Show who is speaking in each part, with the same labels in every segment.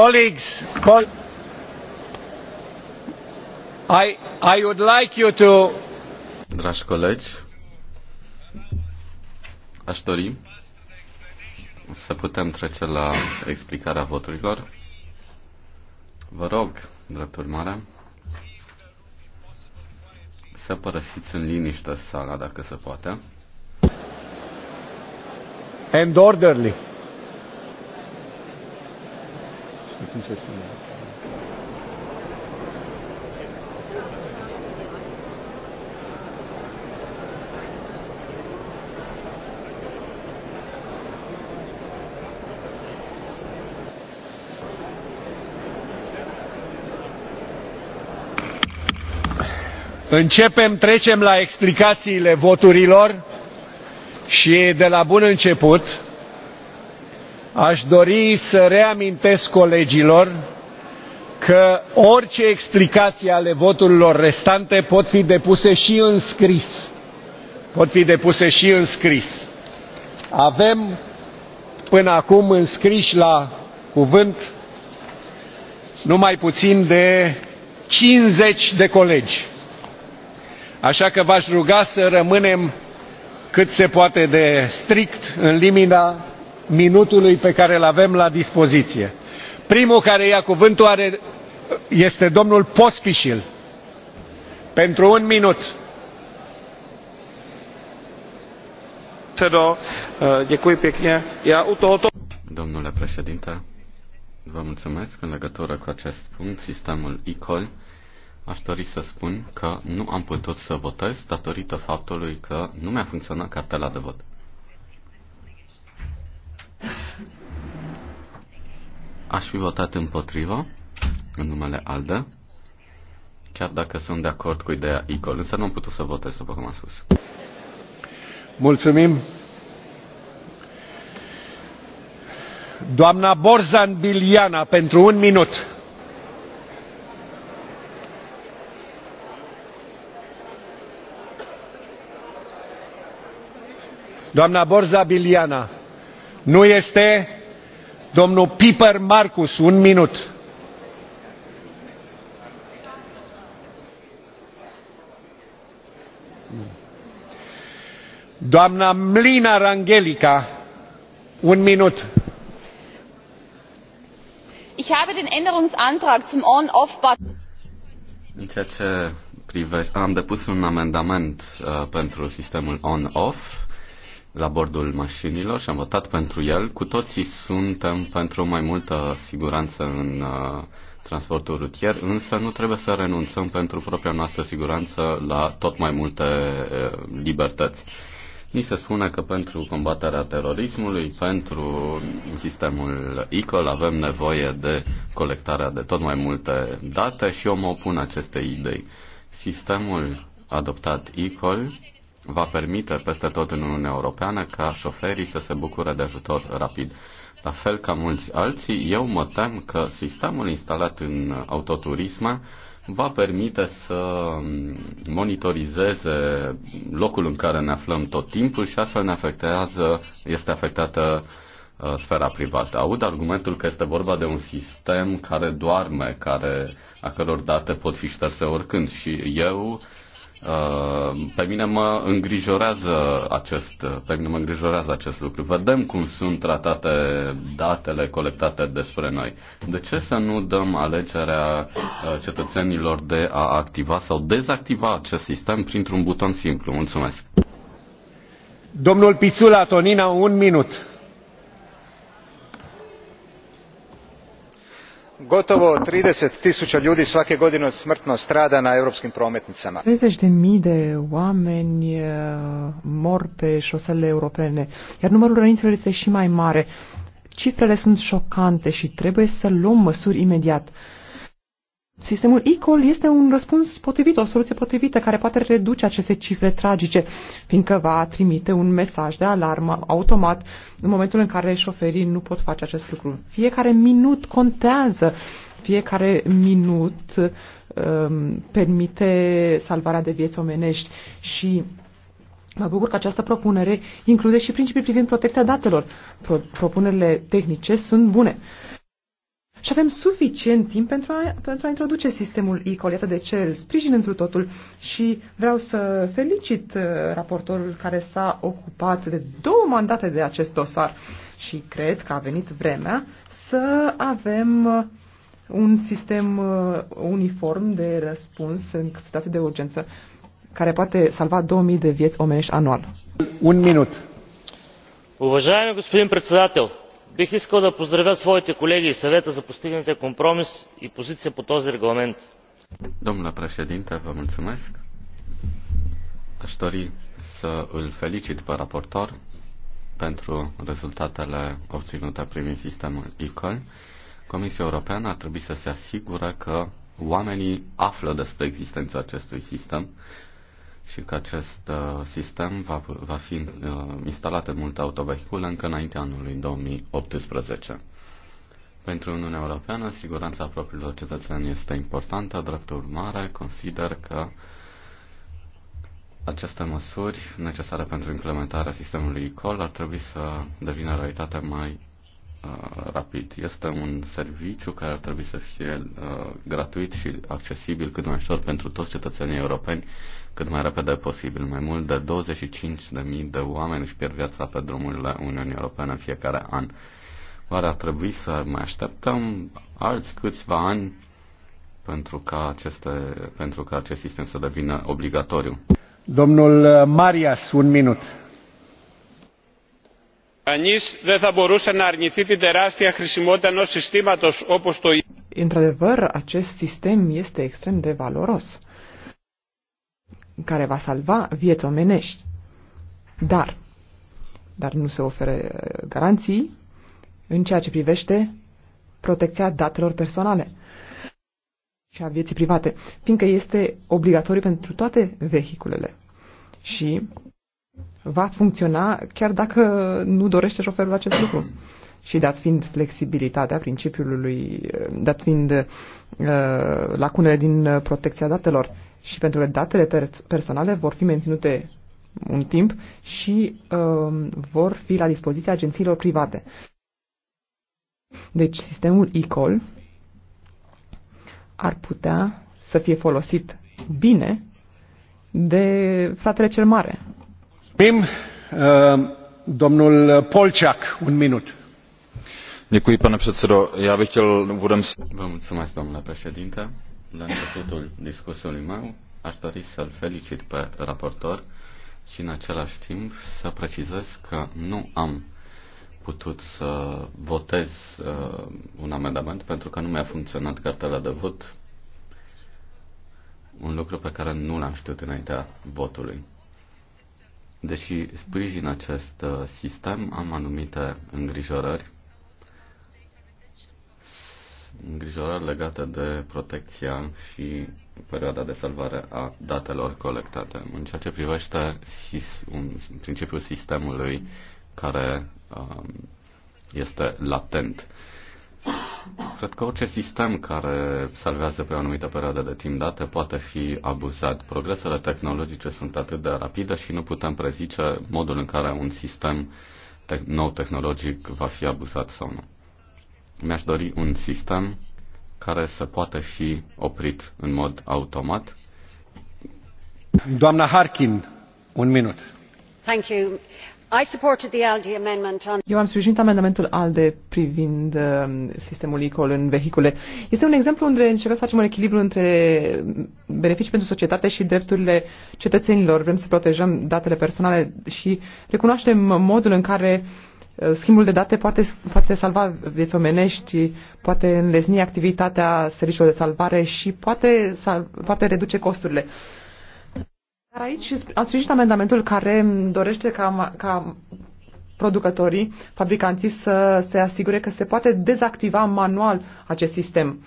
Speaker 1: Colleagues, col I, I would like you to...
Speaker 2: Dragi colegi, aș dori să putem trece la explicarea voturilor. Vă rog, drept urmare, să părăsiți în liniște sala, dacă se poate.
Speaker 1: And orderly. cum se spune. Începem, trecem la explicațiile voturilor și de la bun început aș dori să reamintesc colegilor că orice explicații ale voturilor restante pot fi depuse și în scris. Pot fi depuse și în scris. Avem până acum înscriși la cuvânt numai puțin de 50 de colegi. Așa că v-aș ruga să rămânem cât se poate de strict în limita minutului pe care îl avem la dispoziție. Primul care ia cuvântul are, este domnul Pospișil. Pentru un minut. Eh,
Speaker 2: Domnule președinte, vă mulțumesc în legătură cu acest punct, sistemul ICOL. Aș dori să spun că nu am putut să votez datorită faptului că nu mi-a funcționat cartela de vot. Aș fi votat împotrivă, în numele ALDE, chiar dacă sunt de acord cu ideea ICOL, însă nu am putut să votez, după cum am spus.
Speaker 1: Mulțumim. Doamna Borzan Biliana, pentru un minut. Doamna Borza Biliana nu este Domnul Piper un minut. Doamna Mlina rangelika un minut.
Speaker 3: Ich habe den Änderungsantrag zum On-Off-Button.
Speaker 2: În ceea ce privește, am depus un amendament uh, pentru sistemul on-off la bordul mașinilor și am votat pentru el. Cu toții suntem pentru mai multă siguranță în uh, transportul rutier, însă nu trebuie să renunțăm pentru propria noastră siguranță la tot mai multe uh, libertăți. Ni se spune că pentru combaterea terorismului, pentru sistemul ICOL avem nevoie de colectarea de tot mai multe date și eu mă opun acestei idei. Sistemul adoptat ICOL va permite peste tot în Uniunea Europeană ca șoferii să se bucure de ajutor rapid. La fel ca mulți alții, eu mă tem că sistemul instalat în autoturisme va permite să monitorizeze locul în care ne aflăm tot timpul și astfel ne afectează, este afectată uh, sfera privată. Aud argumentul că este vorba de un sistem care doarme, care, a căror date pot fi șterse oricând și eu Uh, pe mine mă îngrijorează acest, pe mine mă îngrijorează acest lucru. Vedem cum sunt tratate datele colectate despre noi. De ce să nu dăm alegerea uh, cetățenilor de a activa sau dezactiva acest sistem printr-un buton simplu? Mulțumesc.
Speaker 1: Domnul Pițula Tonina, un minut
Speaker 4: gotovo thirty
Speaker 5: tisua ljudi svake godine smrtno strada na europskim prometnicama.
Speaker 4: treizeci de mii de oameni mor pe șoselele europene iar numărul răniților este și mai mare. cifrele sunt șocante și trebuie să luăm măsuri imediat. Sistemul ICOL este un răspuns potrivit, o soluție potrivită care poate reduce aceste cifre tragice, fiindcă va trimite un mesaj de alarmă automat în momentul în care șoferii nu pot face acest lucru. Fiecare minut contează, fiecare minut um, permite salvarea de vieți omenești și Mă bucur că această propunere include și principii privind protecția datelor. Pro- propunerile tehnice sunt bune. Și avem suficient timp pentru a, pentru a introduce sistemul ICOL. Iată de ce îl sprijin întru totul și vreau să felicit uh, raportorul care s-a ocupat de două mandate de acest dosar și cred că a venit vremea să avem uh, un sistem uh, uniform de răspuns în situații de urgență care poate salva 2000 de vieți omenești anual. Un minut.
Speaker 2: Уважаеми господин председател, бих искал да поздравя своите колеги и съвета за постигнатия компромис и позиция по този регламент. Domnule președinte, vă mulțumesc. Aș dori să îl felicit pe raportor pentru rezultatele obținute prin sistemul ECOL. Comisia Europeană ar trebui să se asigure că oamenii află despre existența acestui sistem și că acest uh, sistem va, va fi uh, instalat în multe autovehicule încă înainte anului 2018. Pentru Uniunea Europeană, siguranța propriilor cetățeni este importantă, drept urmare, consider că aceste măsuri necesare pentru implementarea sistemului ECOL ar trebui să devină realitate mai uh, rapid. Este un serviciu care ar trebui să fie uh, gratuit și accesibil cât mai ușor pentru toți cetățenii europeni, cât mai repede posibil. Mai mult de 25.000 de oameni își pierd viața pe drumurile Uniunii Europene în fiecare an. Oare ar trebui să mai așteptăm alți câțiva ani pentru ca, aceste, pentru ca acest sistem să devină obligatoriu?
Speaker 1: Domnul Marias, un minut. Κανείς δεν θα μπορούσε να αρνηθεί την τεράστια χρησιμότητα ενός συστήματος όπως το...
Speaker 4: Într-adevăr, acest sistem este extrem de valoros care va salva vieți omenești. Dar, dar nu se oferă uh, garanții în ceea ce privește protecția datelor personale și a vieții private, fiindcă este obligatoriu pentru toate vehiculele și va funcționa chiar dacă nu dorește șoferul acest lucru. Și dat fiind flexibilitatea principiului, uh, dat fiind uh, lacunele din uh, protecția datelor, și pentru că datele per- personale vor fi menținute un timp și uh, vor fi la dispoziția agențiilor private. Deci sistemul e ar putea să fie folosit bine de fratele cel mare.
Speaker 1: Bim, uh, domnul Polciac, un minut.
Speaker 2: Děkuji, pane předsedo. Já bych chtěl úvodem... Vă mulțumesc, domnule președinte. La începutul discursului meu aș dori să-l felicit pe raportor și în același timp să precizez că nu am putut să votez uh, un amendament pentru că nu mi-a funcționat cartela de vot, un lucru pe care nu l-am știut înaintea votului. Deși sprijin acest uh, sistem, am anumite îngrijorări îngrijorări legate de protecția și perioada de salvare a datelor colectate. În ceea ce privește un principiul sistemului care um, este latent. Cred că orice sistem care salvează pe o anumită perioadă de timp date poate fi abuzat. Progresele tehnologice sunt atât de rapide și nu putem prezice modul în care un sistem nou tehnologic va fi abuzat sau nu. Mi-aș dori un sistem care să poată fi oprit în mod automat. Doamna Harkin, un minut.
Speaker 3: Thank you. I supported the ALDE amendment on... Eu
Speaker 4: am sprijinit amendamentul ALDE privind uh, sistemul ICOL în vehicule. Este un exemplu unde încercăm să facem un echilibru între beneficii pentru societate și drepturile cetățenilor. Vrem să protejăm datele personale și recunoaștem modul în care uh, Eh, schimbul de date poate, poate salva vieți omenești, poate înlesni activitatea serviciilor de salvare și poate, sal, poate reduce costurile. Dar aici am sprijinit amendamentul care dorește ca, ca producătorii, fabricanții să se asigure că se poate dezactiva manual acest sistem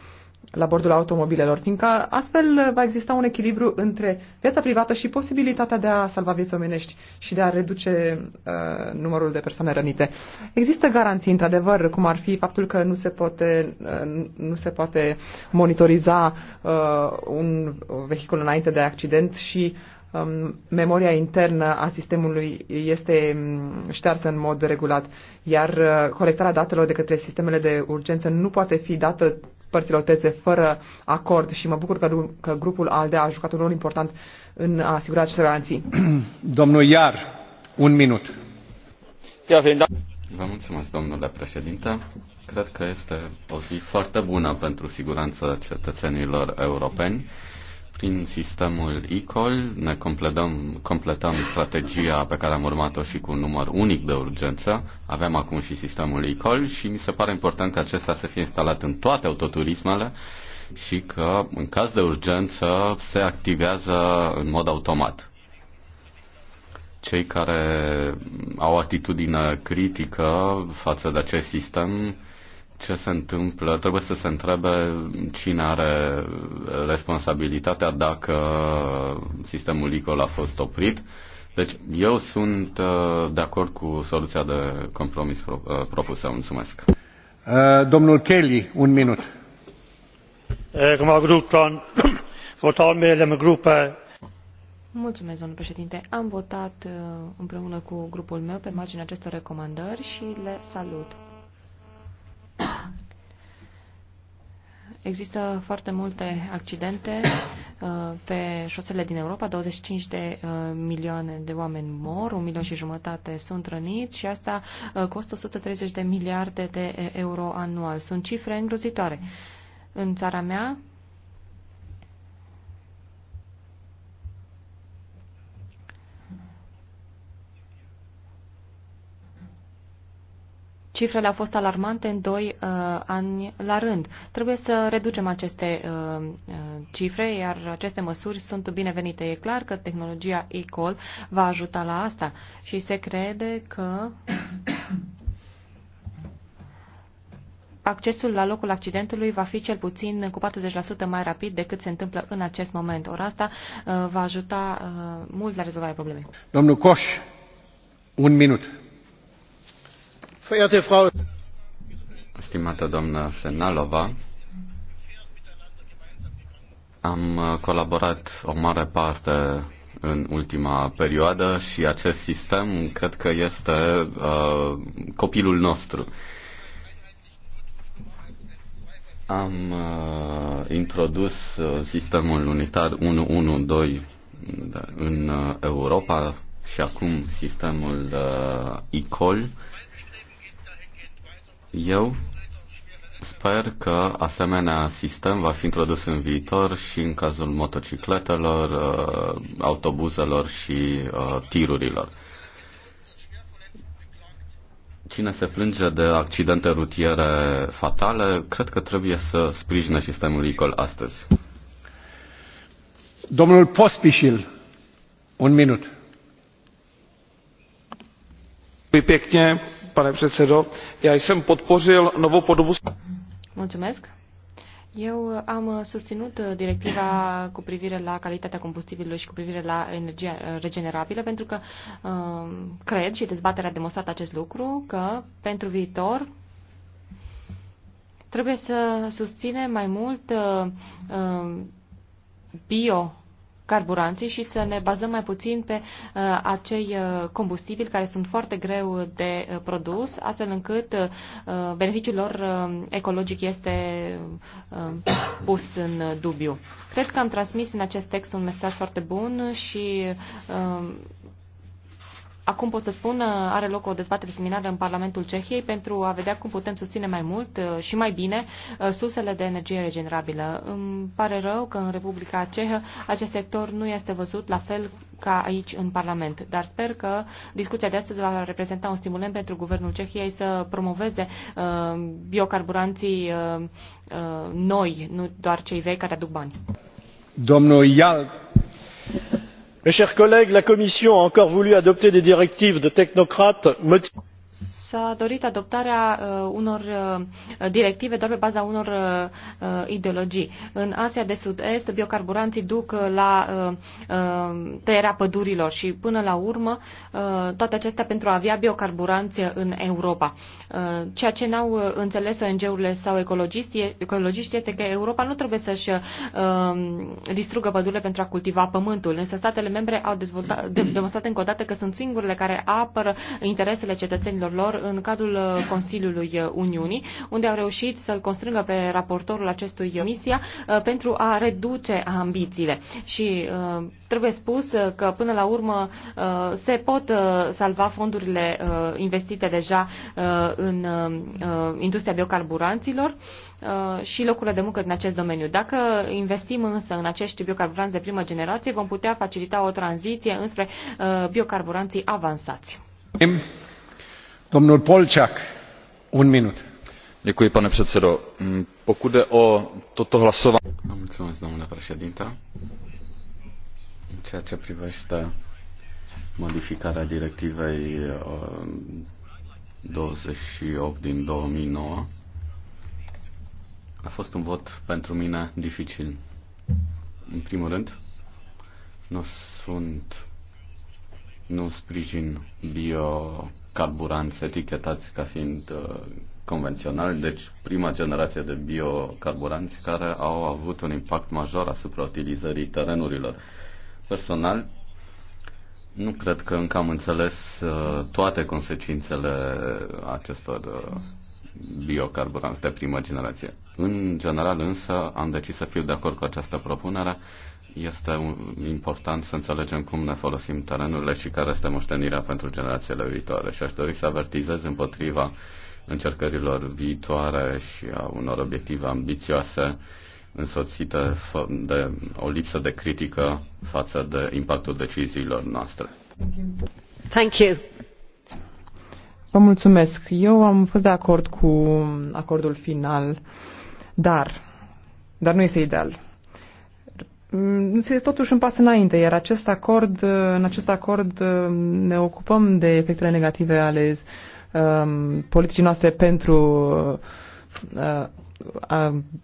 Speaker 4: la bordul automobilelor, fiindcă astfel va exista un echilibru între viața privată și posibilitatea de a salva vieți omenești și de a reduce uh, numărul de persoane rănite. Există garanții, într-adevăr, cum ar fi faptul că nu se poate, uh, nu se poate monitoriza uh, un vehicul înainte de accident și um, memoria internă a sistemului este um, ștearsă în mod regulat, iar uh, colectarea datelor de către sistemele de urgență nu poate fi dată părților tețe fără acord și mă bucur că, că grupul ALDE a jucat un rol important în a asigura aceste garanții.
Speaker 1: Domnul Iar, un minut.
Speaker 2: Da. Vă mulțumesc, domnule președinte. Cred că este o zi foarte bună pentru siguranța cetățenilor europeni. Prin sistemul ICOL ne completăm, completăm strategia pe care am urmat-o și cu un număr unic de urgență. Avem acum și sistemul ICOL și mi se pare important că acesta să fie instalat în toate autoturismele și că în caz de urgență se activează în mod automat cei care au atitudine critică față de acest sistem ce se întâmplă, trebuie să se întrebe cine are responsabilitatea dacă sistemul ICOL a fost oprit. Deci eu sunt uh, de acord cu soluția de compromis uh, propusă. Mulțumesc.
Speaker 1: Uh, domnul Kelly, un minut. Eh,
Speaker 3: Mulțumesc, domnule președinte. Am votat împreună cu grupul meu pe marginea acestor recomandări și le salut. Există foarte multe accidente uh, pe șosele din Europa, 25 de uh, milioane de oameni mor, un milion și jumătate sunt răniți și asta uh, costă 130 de miliarde de euro anual. Sunt cifre îngrozitoare. În țara mea, Cifrele au fost alarmante în doi uh, ani la rând. Trebuie să reducem aceste uh, uh, cifre, iar aceste măsuri sunt binevenite. E clar că tehnologia e-call va ajuta la asta și se crede că accesul la locul accidentului va fi cel puțin cu 40% mai rapid decât se întâmplă în acest moment. Ori asta uh, va ajuta uh, mult la rezolvarea problemei.
Speaker 2: Domnul Coș, un minut. Stimată doamnă Senalova, am colaborat o mare parte în ultima perioadă și acest sistem cred că este uh, copilul nostru. Am uh, introdus uh, sistemul unitar 112 în Europa și acum sistemul uh, ICOL. Eu sper că asemenea sistem va fi introdus în viitor și în cazul motocicletelor, uh, autobuzelor și uh, tirurilor. Cine se plânge de accidente rutiere fatale, cred că trebuie să sprijine sistemul ICOL astăzi.
Speaker 1: Domnul Pospișil, un minut pane předsedající já jsem podpořil novou podobu.
Speaker 3: eu am susținut directiva cu privire la calitatea combustibilului și cu privire la energia regenerabilă pentru că um, cred și dezbaterea a demonstrat acest lucru că pentru viitor trebuie să susținem mai mult um, bio carburanții și să ne bazăm mai puțin pe uh, acei uh, combustibili care sunt foarte greu de uh, produs, astfel încât uh, uh, beneficiul lor uh, ecologic este uh, pus în dubiu. Cred că am transmis în acest text un mesaj foarte bun și uh, Acum pot să spun, uh, are loc o dezbatere seminară în Parlamentul Cehiei pentru a vedea cum putem susține mai mult uh, și mai bine uh, sursele de energie regenerabilă. Îmi pare rău că în Republica Cehă acest sector nu este văzut la fel ca aici în Parlament, dar sper că discuția de astăzi va reprezenta un stimulent pentru Guvernul Cehiei să promoveze biocarburanții noi, nu doar cei vechi care aduc bani.
Speaker 1: Domnul Ial mes chers collègues la commission a encore voulu adopter des directives de technocrates motivées. par
Speaker 3: s-a dorit adoptarea uh, unor uh, directive doar pe baza unor uh, ideologii. În Asia de Sud-Est, biocarburanții duc la tăierea pădurilor și până la urmă toate acestea pentru a avea biocarburanți în Europa. Ceea ce n-au înțeles ONG-urile sau ecologiști este că Europa nu trebuie să-și distrugă pădurile pentru a cultiva pământul, însă statele membre au dezvoltat, demonstrat încă o dată că sunt singurele care apără interesele cetățenilor lor în cadrul uh, Consiliului uh, Uniunii, unde au reușit să-l constrângă pe raportorul acestui misia uh, pentru a reduce ambițiile. Și trebuie spus că până la urmă se pot salva fondurile investite deja în industria biocarburanților și locurile de muncă din acest domeniu. Dacă investim însă în acești biocarburanți de primă generație, vom putea facilita o tranziție înspre biocarburanții avansați
Speaker 2: un minut. pane předsedo. Mm, pokud jde o toto hlasování... modificarea uh, a fost un vot pentru mine dificil. În primul rând, nu sunt, nu sprijin bio carburanți etichetați ca fiind uh, convenționali, deci prima generație de biocarburanți care au avut un impact major asupra utilizării terenurilor. Personal, nu cred că încă am înțeles uh, toate consecințele acestor uh, biocarburanți de primă generație. În general însă am decis să fiu de acord cu această propunere este important să înțelegem cum ne folosim terenurile și care este moștenirea pentru generațiile viitoare. Și aș dori să avertizez împotriva încercărilor viitoare și a unor obiective ambițioase însoțite de o lipsă de critică față de impactul deciziilor noastre.
Speaker 3: Thank you.
Speaker 4: Vă mulțumesc. Eu am fost de acord cu acordul final, dar, dar nu este ideal este mm, totuși un pas înainte, iar acest acord, uh, în acest acord uh, ne ocupăm de efectele negative ale um, politicii noastre pentru uh,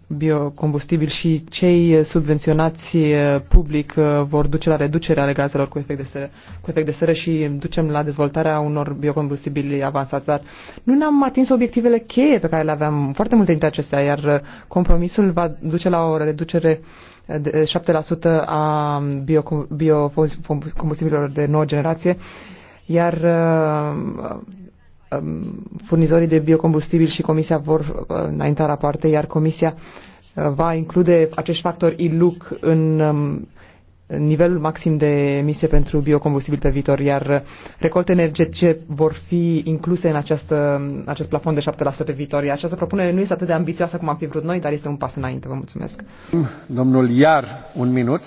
Speaker 4: biocombustibili și cei subvenționați eh, public eh, vor duce la reducerea ale gazelor cu efect de seră, cu efect de seră și ducem la dezvoltarea unor biocombustibili avansați. Dar nu ne-am atins obiectivele cheie pe care le aveam, foarte multe dintre acestea, iar eh, compromisul va duce la o reducere de 7% a biocombustibililor de nouă generație, iar Um, furnizorii de biocombustibili și Comisia vor uh, înainta rapoarte, iar Comisia uh, va include acești factori ILUC um, în nivelul maxim de emisie pentru biocombustibil pe viitor, iar recolte energetice vor fi incluse în această, acest plafon de 7% pe viitor. Iar această propunere nu este atât de ambițioasă cum am fi vrut noi, dar este un pas înainte. Vă mulțumesc.
Speaker 1: Domnul Iar, un minut.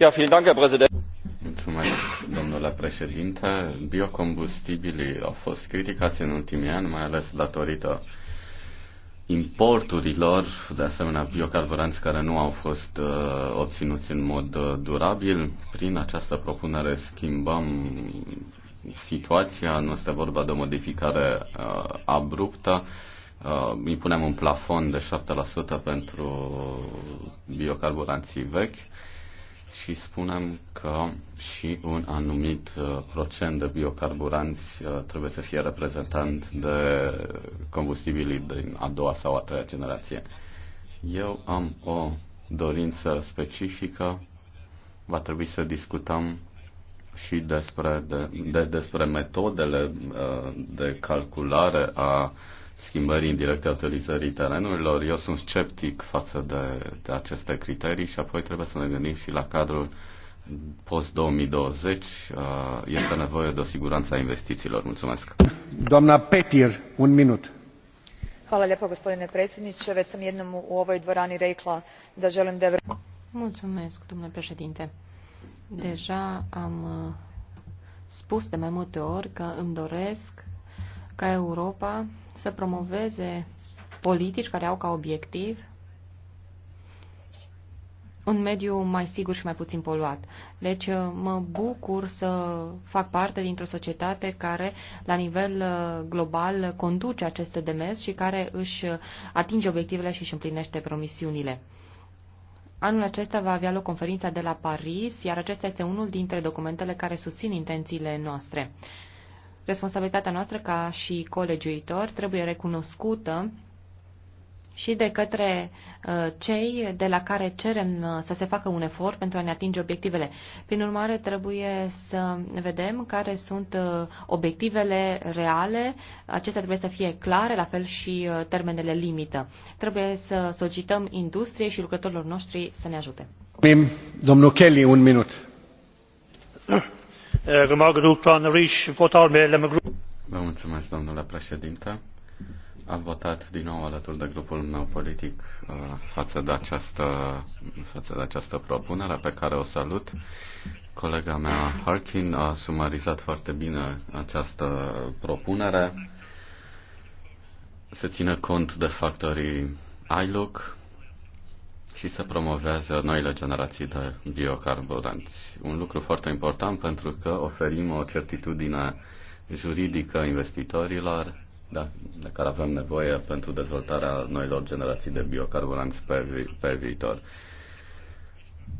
Speaker 2: Ja, vielen Dank, Herr Präsident. Mulțumesc, domnule președinte. Biocombustibilii au fost criticați în ultimii ani, mai ales datorită importurilor, de asemenea biocarburanți care nu au fost uh, obținuți în mod uh, durabil. Prin această propunere schimbăm situația, nu este vorba de o modificare uh, abruptă. Uh, impunem un plafon de 7% pentru biocarburanții vechi și spunem că și un anumit uh, procent de biocarburanți uh, trebuie să fie reprezentant de combustibilii din a doua sau a treia generație. Eu am o dorință specifică, va trebui să discutăm și despre, de, de, despre metodele uh, de calculare a schimbării indirecte a utilizării terenurilor. Eu sunt sceptic față de, de aceste criterii și apoi trebuie să ne gândim și la cadrul post-2020. Uh, este nevoie de o siguranță a investițiilor. Mulțumesc.
Speaker 1: Doamna Petir, un minut.
Speaker 3: Hvala lijepo gospodine predsjedniče. Već sam jednom u ovoj dvorani rekla da želim da... Mulțumesc, domnule președinte. Deja am uh, spus de mai multe ori că îmi doresc ca Europa să promoveze politici care au ca obiectiv un mediu mai sigur și mai puțin poluat. Deci uh, mă bucur să fac parte dintr-o societate care la nivel uh, global conduce aceste demers și care își uh, atinge obiectivele și își împlinește promisiunile. Anul acesta va avea loc conferința de la Paris, iar acesta este unul dintre documentele care susțin intențiile noastre. Responsabilitatea noastră ca și colegiuitor trebuie recunoscută și de către uh, cei de la care cerem uh, să se facă un efort pentru a ne atinge obiectivele. Prin urmare, trebuie să vedem care sunt uh, obiectivele reale. Acestea trebuie să fie clare, la fel și termenele limită. Trebuie să solicităm industriei și lucrătorilor noștri să ne ajute.
Speaker 1: Domnul Kelly, un minut
Speaker 2: domnule președinte. Am votat din nou alături de grupul meu politic uh, față de această, față de această propunere pe care o salut. Colega mea Harkin a sumarizat foarte bine această propunere. Se ține cont de factorii ILOC, și să promovează noile generații de biocarburanți. Un lucru foarte important pentru că oferim o certitudine juridică investitorilor da, de care avem nevoie pentru dezvoltarea noilor generații de biocarburanți pe, vi- pe viitor.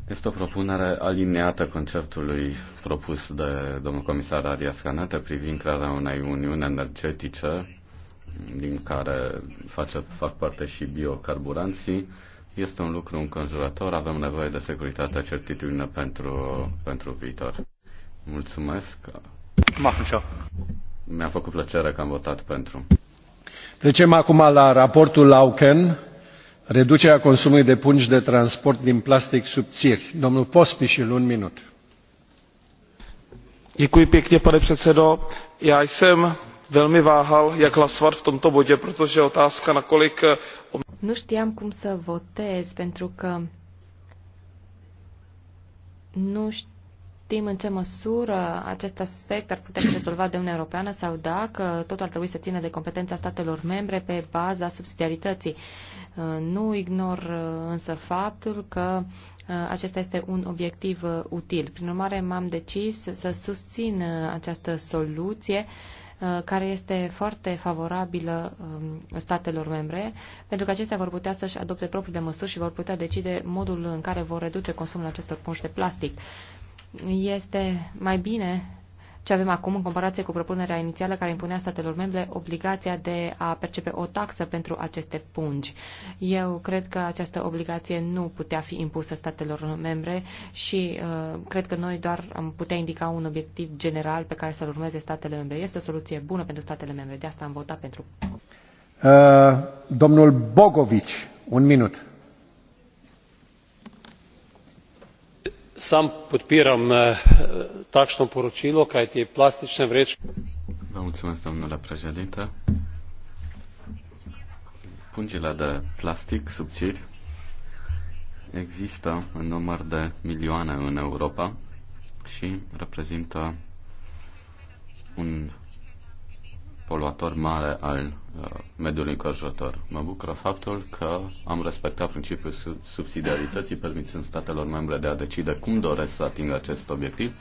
Speaker 2: Este o propunere aliniată conceptului propus de domnul comisar Arias Canete privind crearea unei uniuni energetice din care face, fac parte și biocarburanții este un lucru înconjurător, avem nevoie de securitate, certitudine pentru, pentru viitor. Mulțumesc. Mi-a făcut plăcere că am votat pentru.
Speaker 1: Trecem acum la raportul Lauken, reducerea consumului de pungi de transport din plastic subțiri. Domnul Pospișil, un minut. Děkuji pěkně, pane předsedo. Já jsem velmi váhal jak hlasovat v tomto bodě protože otázka nakolik. Eh,
Speaker 3: nu știam cum să votez pentru că nu știm în ce măsură acest aspect ar putea fi rezolvat de Uniunea Europeană sau dacă totul ar trebui să țină de competența statelor membre pe baza subsidiarității. Eh, nu ignor eh, însă faptul că acesta este un obiectiv util. Prin urmare, m-am decis să susțin această soluție Uh, care este foarte favorabilă um, statelor membre, pentru că acestea vor putea să-și adopte propriile măsuri și vor putea decide modul în care vor reduce consumul acestor pungi de plastic. Este mai bine ce avem acum în comparație cu propunerea inițială care impunea statelor membre obligația de a percepe o taxă pentru aceste pungi. Eu cred că această obligație nu putea fi impusă statelor membre și uh, cred că noi doar am putea indica un obiectiv general pe care să-l urmeze statele membre. Este o soluție bună pentru statele membre, de asta am votat pentru.
Speaker 1: Uh, domnul Bogovici, un minut.
Speaker 6: sam podpiram eh, takšno poročilo kajti plastične vrečke.
Speaker 2: Vă mulțumesc, domnule președinte. Pungile de plastic subțiri există în număr de milioane în Europa și reprezintă un poluator mare al uh, mediului înconjurător. Mă bucură faptul că am respectat principiul subsidiarității, permițând statelor membre de a decide cum doresc să atingă acest obiectiv.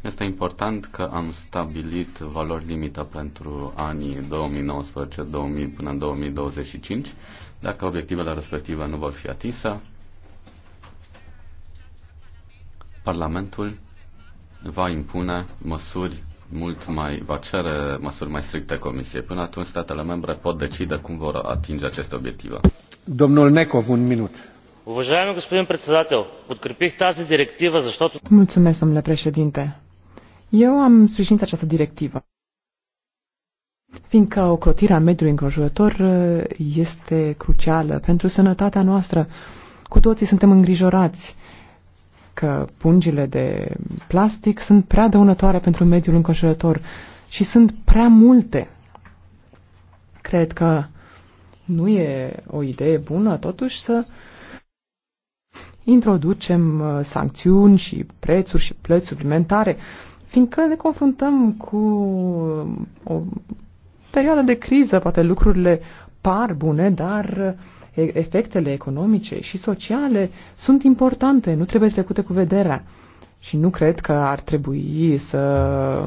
Speaker 2: Este important că am stabilit valori limită pentru anii 2019 2000, până în 2025. Dacă obiectivele respective nu vor fi atinse, Parlamentul va impune măsuri mult mai, va cere măsuri mai stricte Comisiei. Până atunci, statele membre pot decide cum vor atinge aceste obiective.
Speaker 4: Domnul Necov, un minut.
Speaker 2: Уважаеми господин председател, подкрепих тази директива, защото...
Speaker 4: Mulțumesc, domnule președinte. Eu am sprijinit această directivă, fiindcă ocrotirea mediului înconjurător este crucială pentru sănătatea noastră. Cu toții suntem îngrijorați că pungile de plastic sunt prea dăunătoare pentru mediul înconjurător și sunt prea multe. Cred că nu e o idee bună totuși să introducem uh, sancțiuni și prețuri și plăți suplimentare, fiindcă ne confruntăm cu um, o perioadă de criză, poate lucrurile par bune, dar uh, efectele economice și sociale sunt importante, nu trebuie trecute cu vederea. Și nu cred că ar trebui să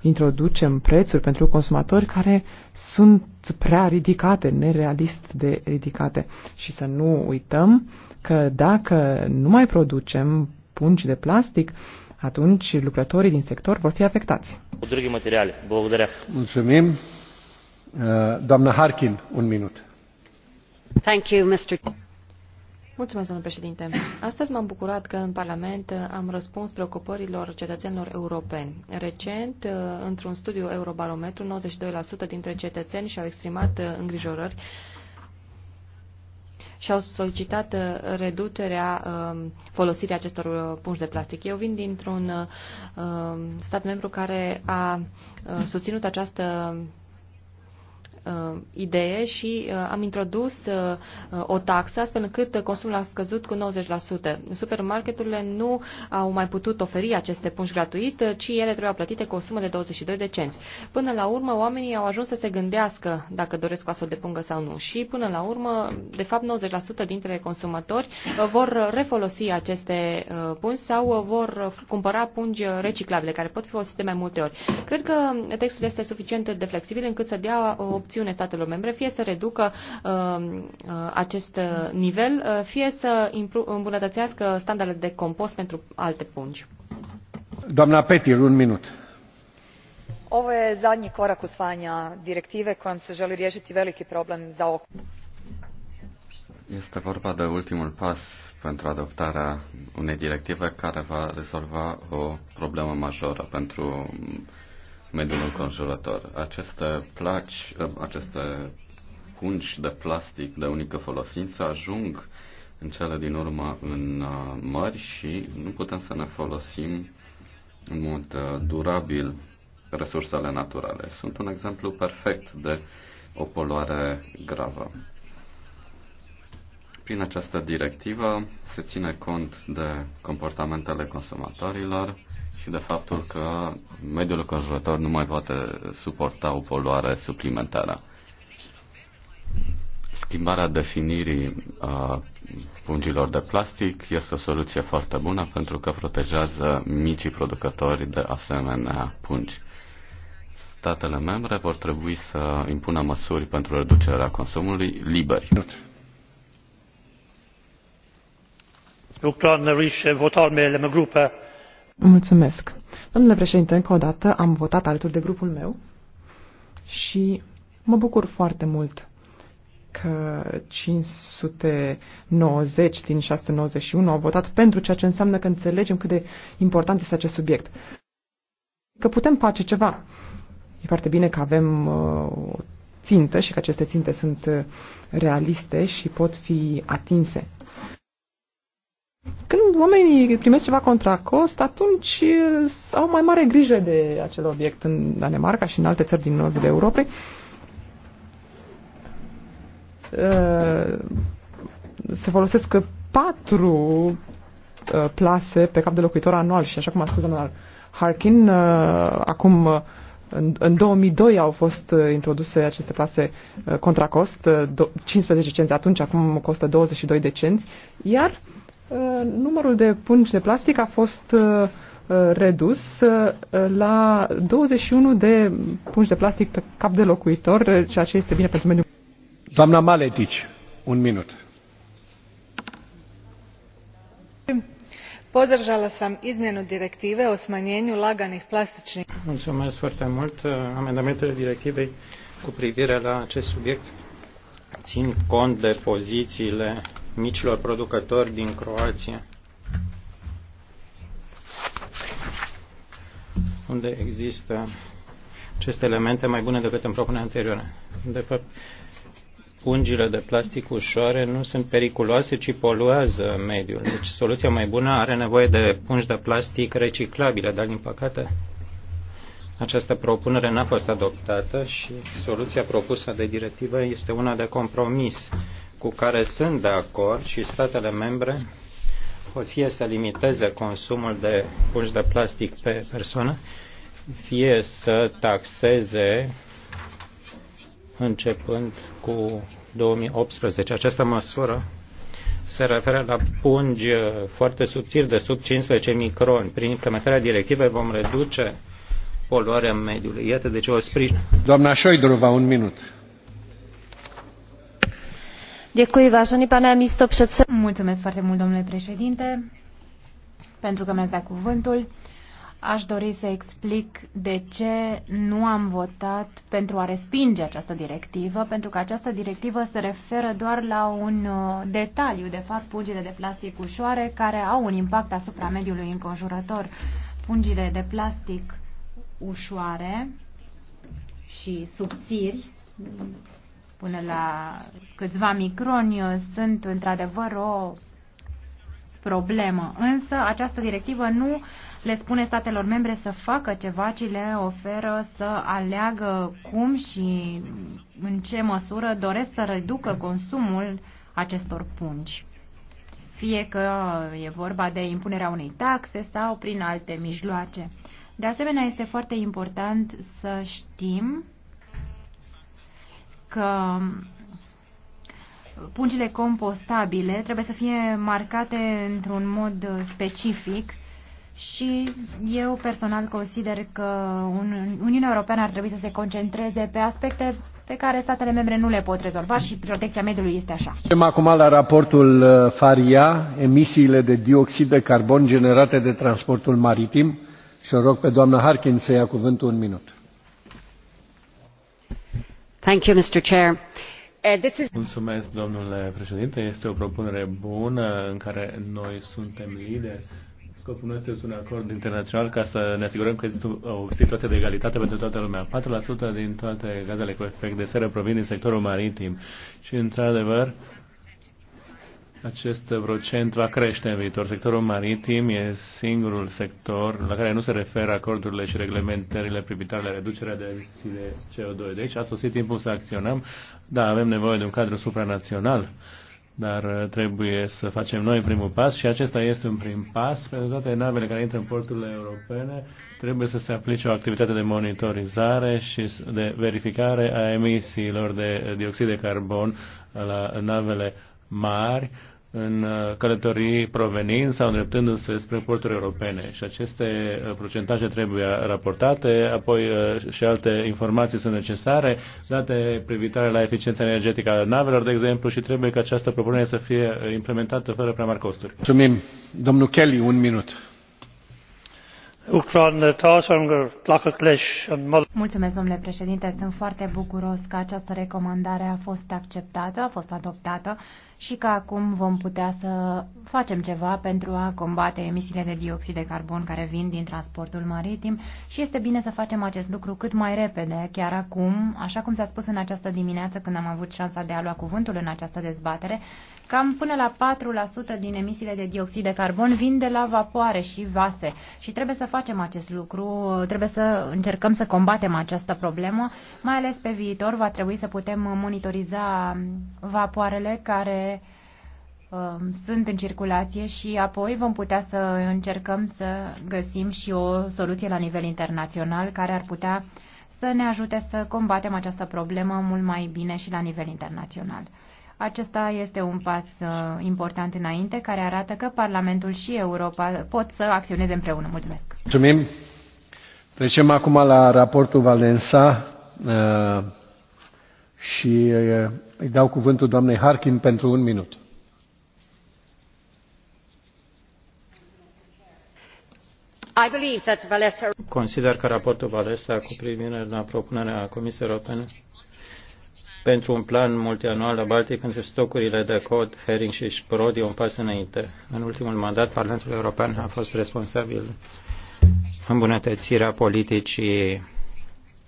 Speaker 4: introducem prețuri pentru consumatori care sunt prea ridicate, nerealist de ridicate. Și să nu uităm că dacă nu mai producem pungi de plastic, atunci lucrătorii din sector vor fi afectați.
Speaker 1: Mulțumim. Doamna Harkin, un minut.
Speaker 3: Mulțumesc, domnule președinte. Astăzi m-am bucurat că în Parlament am răspuns preocupărilor cetățenilor europeni. Recent, într-un studiu Eurobarometru, 92% dintre cetățeni și-au exprimat îngrijorări și-au solicitat reducerea um, folosirii acestor pungi de plastic. Eu vin dintr-un um, stat membru care a uh, susținut această uh, idee și uh, am introdus uh, uh, o taxă astfel încât consumul a scăzut cu 90%. Supermarketurile nu au mai putut oferi aceste pungi gratuit, uh, ci ele trebuiau plătite cu o sumă de 22 de cenți. Până la urmă, oamenii au ajuns să se gândească dacă doresc o astfel de pungă sau nu și până la urmă, de fapt, 90% dintre consumatori uh, vor refolosi aceste pungi sau vor cumpăra pungi reciclabile care pot fi folosite mai multe ori. Cred că textul este suficient de flexibil încât să dea o acțiune statelor membre, fie să reducă uh, uh, acest uh, nivel, fie să îmbunătățească standardele de compost pentru alte pungi.
Speaker 1: Doamna Petir, un minut
Speaker 3: ovo je zadnji korak usvajanja direktive kojom se želi riješiti veliki problem za okoliš.
Speaker 2: Este vorba de ultimul pas pentru adoptarea unei directive care va rezolva o problemă majoră pentru mediul înconjurător. Aceste placi, aceste pungi de plastic de unică folosință ajung în cele din urmă în uh, mări și nu putem să ne folosim în mod uh, durabil resursele naturale. Sunt un exemplu perfect de o poluare gravă. Prin această directivă se ține cont de comportamentele consumatorilor, și de faptul că mediul conjurător nu mai poate suporta o poluare suplimentară. Schimbarea definirii uh, pungilor de plastic este o soluție foarte bună pentru că protejează micii producători de asemenea pungi. Statele membre vor trebui să impună măsuri pentru reducerea consumului liberi. grupe,
Speaker 4: Mulțumesc. Domnule președinte, încă o dată am votat alături de grupul meu și mă bucur foarte mult că 590 din 691 au votat pentru ceea ce înseamnă că înțelegem cât de important este acest subiect. Că putem face ceva. E foarte bine că avem uh, o țintă și că aceste ținte sunt uh, realiste și pot fi atinse. Când oamenii primesc ceva contra cost, atunci eh, au mai mare grijă de acel obiect în Danemarca și în alte țări din nordul Europei. Eh, se folosesc patru eh, plase pe cap de locuitor anual și așa cum a spus domnul Harkin, acum în, în 2002 au fost introduse aceste plase contra cost, 15 cenți atunci, acum costă 22 de cenți, iar Uh, numărul de pungi de plastic a fost uh, uh, redus la 21 de pungi de plastic pe cap de locuitor, ceea ce este bine pentru mediul.
Speaker 1: Doamna Maletici, un minut.
Speaker 4: Podržala sam izmjenu direktive o smanjenju laganih plastičnih.
Speaker 5: Mulțumesc foarte mult. Amendamentele directivei cu privire la acest subiect țin cont de pozițiile micilor producători din Croația, unde există aceste elemente mai bune decât în propunerea anterioară. De fapt, pungile de plastic ușoare nu sunt periculoase, ci poluează mediul. Deci soluția mai bună are nevoie de pungi de plastic reciclabile, dar din păcate această propunere n-a fost adoptată și soluția propusă de directivă este una de compromis cu care sunt de acord și statele membre fie să limiteze consumul de pungi de plastic pe persoană, fie să taxeze începând cu 2018. Această măsură se referă la pungi foarte subțiri de sub 15 microni. Prin implementarea directivei vom reduce poluarea mediului. Iată de ce o sprijin.
Speaker 1: Doamna va un minut.
Speaker 7: Mulțumesc foarte mult, domnule președinte, pentru că mi-ați dat cuvântul. Aș dori să explic de ce nu am votat pentru a respinge această directivă, pentru că această directivă se referă doar la un uh, detaliu, de fapt, pungile de plastic ușoare care au un impact asupra mediului înconjurător. Pungile de plastic ușoare și subțiri până la câțiva microni uh, sunt într-adevăr o problemă. Însă această directivă nu le spune statelor membre să facă ceva, ci le oferă să aleagă cum și în ce măsură doresc să reducă consumul acestor pungi. Fie că e vorba de impunerea unei taxe sau prin alte mijloace. De asemenea, este foarte important să știm că pungile compostabile trebuie să fie marcate într-un mod specific și eu personal consider că Uniunea Europeană ar trebui să se concentreze pe aspecte pe care statele membre nu le pot rezolva și protecția mediului este așa.
Speaker 1: Suntem acum la raportul uh, Faria, emisiile de dioxid de carbon generate de transportul maritim și o rog pe doamna Harkin să ia cuvântul
Speaker 3: un minut. Uh,
Speaker 6: domnule președinte. Este o propunere bună în care noi suntem lideri. Scopul nostru este un acord internațional ca să ne asigurăm că există o situație de egalitate pentru toată lumea. 4% din toate gazele cu efect de seră provin din sectorul maritim și, într-adevăr, acest vreo centru va crește în viitor. Sectorul maritim e singurul sector la care nu se referă acordurile și reglementările privitoare la reducerea de emisii de CO2. Deci a sosit timpul să acționăm. Da, avem nevoie de un cadru supranațional, dar trebuie să facem noi primul pas și acesta este un prim pas. Pentru toate navele care intră în porturile europene trebuie să se aplice o activitate de monitorizare și de verificare a emisiilor de dioxid de carbon la navele mari în uh, călătorii provenind sau îndreptându-se spre porturi europene și aceste uh, procentaje trebuie raportate, apoi uh, și alte informații sunt necesare, date privitoare la eficiența energetică a navelor, de exemplu, și trebuie ca această propunere să fie implementată fără prea mari costuri.
Speaker 1: Mulțumim. Domnul Kelly, un minut
Speaker 7: domnule președinte. Sunt foarte bucuros că această recomandare a fost acceptată, a fost adoptată și că acum vom putea să facem ceva pentru a combate emisiile de dioxid de carbon care vin din transportul maritim și este bine să facem acest lucru cât mai repede, chiar acum, așa cum s-a spus în această dimineață când am avut șansa de a lua cuvântul în această dezbatere, Cam până la 4% din emisiile de dioxid de carbon vin de la vapoare și vase și trebuie să facem acest lucru, trebuie să încercăm să combatem această problemă, mai ales pe viitor va trebui să putem monitoriza vapoarele care um, sunt în circulație și apoi vom putea să încercăm să găsim și o soluție la nivel internațional care ar putea să ne ajute să combatem această problemă mult mai bine și la nivel internațional. Acesta este un pas uh, important înainte care arată că Parlamentul și Europa pot să acționeze împreună. Mulțumesc!
Speaker 1: Mulțumim! Trecem acum la raportul Valensa uh, și uh, îi dau cuvântul doamnei Harkin pentru un minut. Consider că raportul Valesa
Speaker 5: cu privire la propunerea Comisiei Europene pentru un plan multianual la Baltic pentru stocurile de cod, herring și șprodi, un pas înainte. În ultimul mandat, Parlamentul European a fost responsabil îmbunătățirea politicii